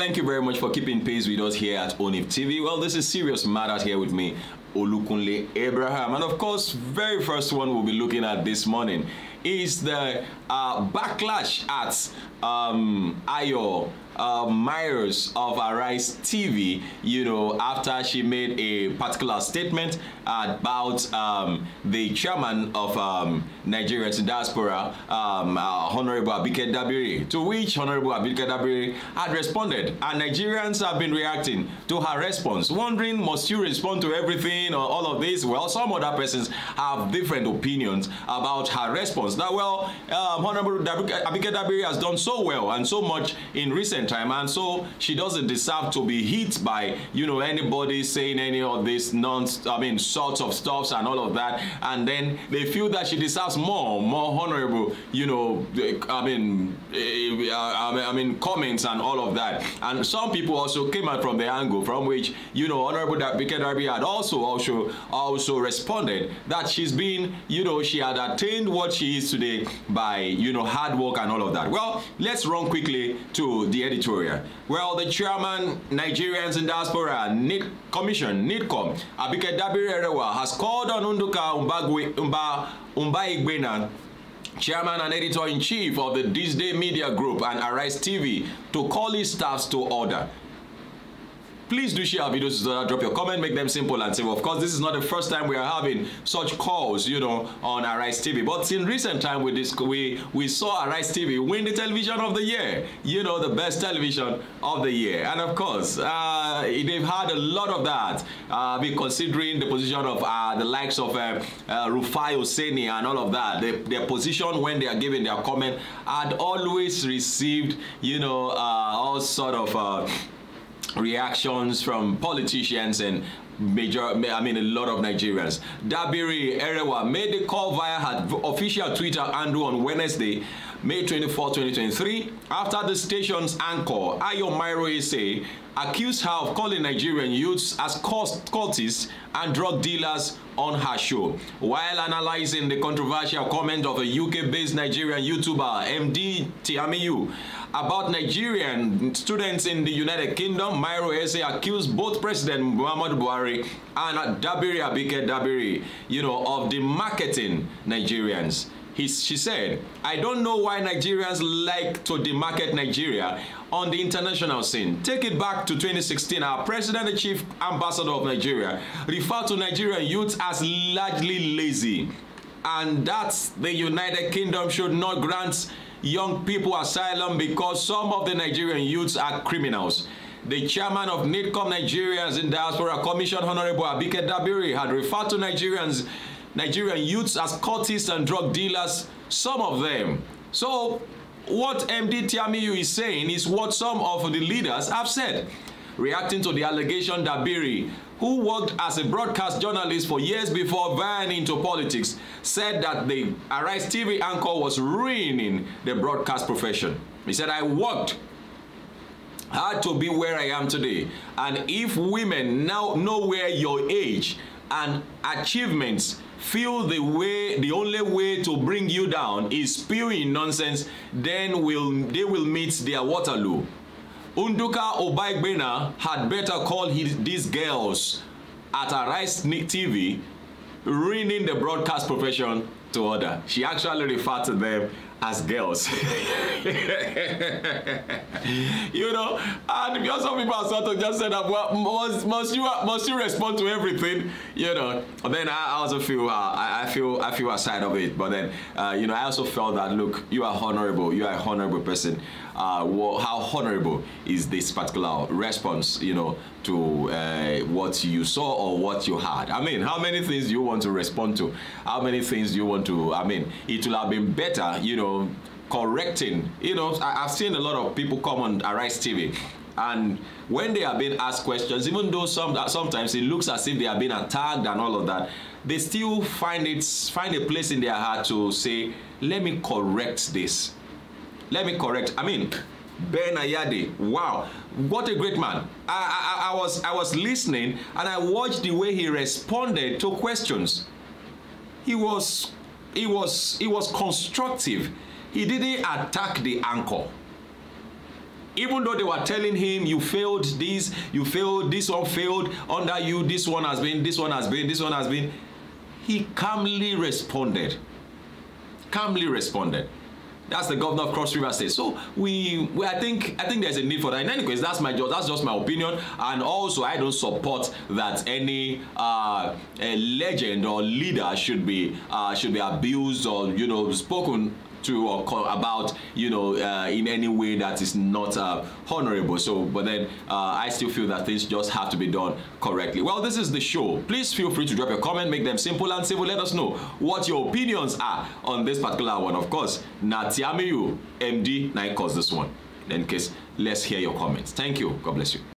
Thank you very much for keeping pace with us here at ONIF TV. Well, this is Serious Matters here with me, Olukunle Abraham. And of course, very first one we'll be looking at this morning is the uh, backlash at um, Ayo uh, of Arise TV, you know, after she made a particular statement about um, the chairman of um, diaspora, um, uh, Honorable Abike Dabiri, to which Honorable Abike Dabiri had responded. And Nigerians have been reacting to her response, wondering, must you respond to everything or all of this? Well, some other persons have different opinions about her response. Now, well, um, Honorable Abike Dabiri has done so well and so much in recent time. And so she doesn't deserve to be hit by, you know, anybody saying any of this non, I mean, sorts of stuffs and all of that. And then they feel that she deserves more, more honorable, you know, I mean, eh, I mean, comments and all of that. And some people also came out from the angle from which, you know, Honorable Bike Darby had also, also, also responded that she's been, you know, she had attained what she is today by, you know, hard work and all of that. Well, let's run quickly to the editor Victoria. Well, the chairman, Nigerians in Diaspora Need Commission, NIDCOM, Abike Dabiri has called on Unduka Umbagwe, Umba, Umbaigbena chairman and editor-in-chief of the This Day Media Group and Arise TV, to call his staffs to order. Please do share our videos drop your comment, make them simple and simple. Of course, this is not the first time we are having such calls, you know, on Arise TV. But in recent time, we, we, we saw Arise TV win the television of the year. You know, the best television of the year. And of course, uh, they've had a lot of that, uh, considering the position of uh, the likes of um, uh, Rufai Oseni and all of that. They, their position when they are giving their comment had always received, you know, uh, all sort of uh, reactions from politicians and major, I mean, a lot of Nigerians. Dabiri Erewa made the call via her official Twitter handle on Wednesday, May 24, 2023, after the station's anchor, Ayo Mairo accused her of calling Nigerian youths as cultists and drug dealers on her show. While analyzing the controversial comment of a UK-based Nigerian YouTuber, MD Tiamiyu, about Nigerian students in the United Kingdom, Mairo accused both President Muhammadu Buhari and Dabiri Abike Dabiri, you know, of the marketing Nigerians. He, she said, I don't know why Nigerians like to demarket Nigeria on the international scene. Take it back to 2016, our president and chief ambassador of Nigeria referred to Nigerian youths as largely lazy. And that the United Kingdom should not grant young people asylum because some of the Nigerian youths are criminals. The chairman of NIDCOM Nigerians in Diaspora Commission, Honorable Abike Dabiri, had referred to Nigerians, Nigerian youths as cultists and drug dealers, some of them. So what MD Tiamiyu is saying is what some of the leaders have said. Reacting to the allegation Dabiri, who worked as a broadcast journalist for years before veering into politics, said that the Arise TV anchor was ruining the broadcast profession. He said, I worked had to be where I am today. And if women now know where your age and achievements feel the way the only way to bring you down is spewing nonsense, then will they will meet their Waterloo. Unduka Obaigbena had better call his, these girls at Arise TV, ruining the broadcast profession to order. She actually referred to them as girls. you know, and because some people are sort of just said that, well, must, must you must you respond to everything? You know, and then I also feel uh, I, I, feel I feel outside of it, but then uh, you know I also felt that look, you are honorable, you are a honorable person. Uh, well, how honorable is this particular response? You know, to uh, what you saw or what you had. I mean, how many things do you want to respond to? How many things do you want to? I mean, it will have been better, you know know, correcting. You know, I, have seen a lot of people come on Arise TV, and when they are being asked questions, even though some sometimes it looks as if they are being attacked and all of that, they still find it find a place in their heart to say, "Let me correct this. Let me correct." I mean. Ben Ayade, wow, what a great man! I, I, I was I was listening and I watched the way he responded to questions. He was he was he was constructive. He didn't attack the anchor. Even though they were telling him, you failed this, you failed, this one failed, under you, this one has been, this one has been, this one has been. He calmly responded. Calmly responded. That's the governor of Cross River State. So we, we I think I think there's a need for that. In any case, that's my that's just my opinion. And also, I don't support that any uh, legend or leader should be uh, should be abused or you know spoken to or uh, about you know uh, in any way that is not uh, honorable so but then uh, i still feel that things just have to be done correctly well this is the show please feel free to drop your comment make them simple and civil let us know what your opinions are on this particular one of course natiamiyu md9 cause this one in case let's hear your comments thank you god bless you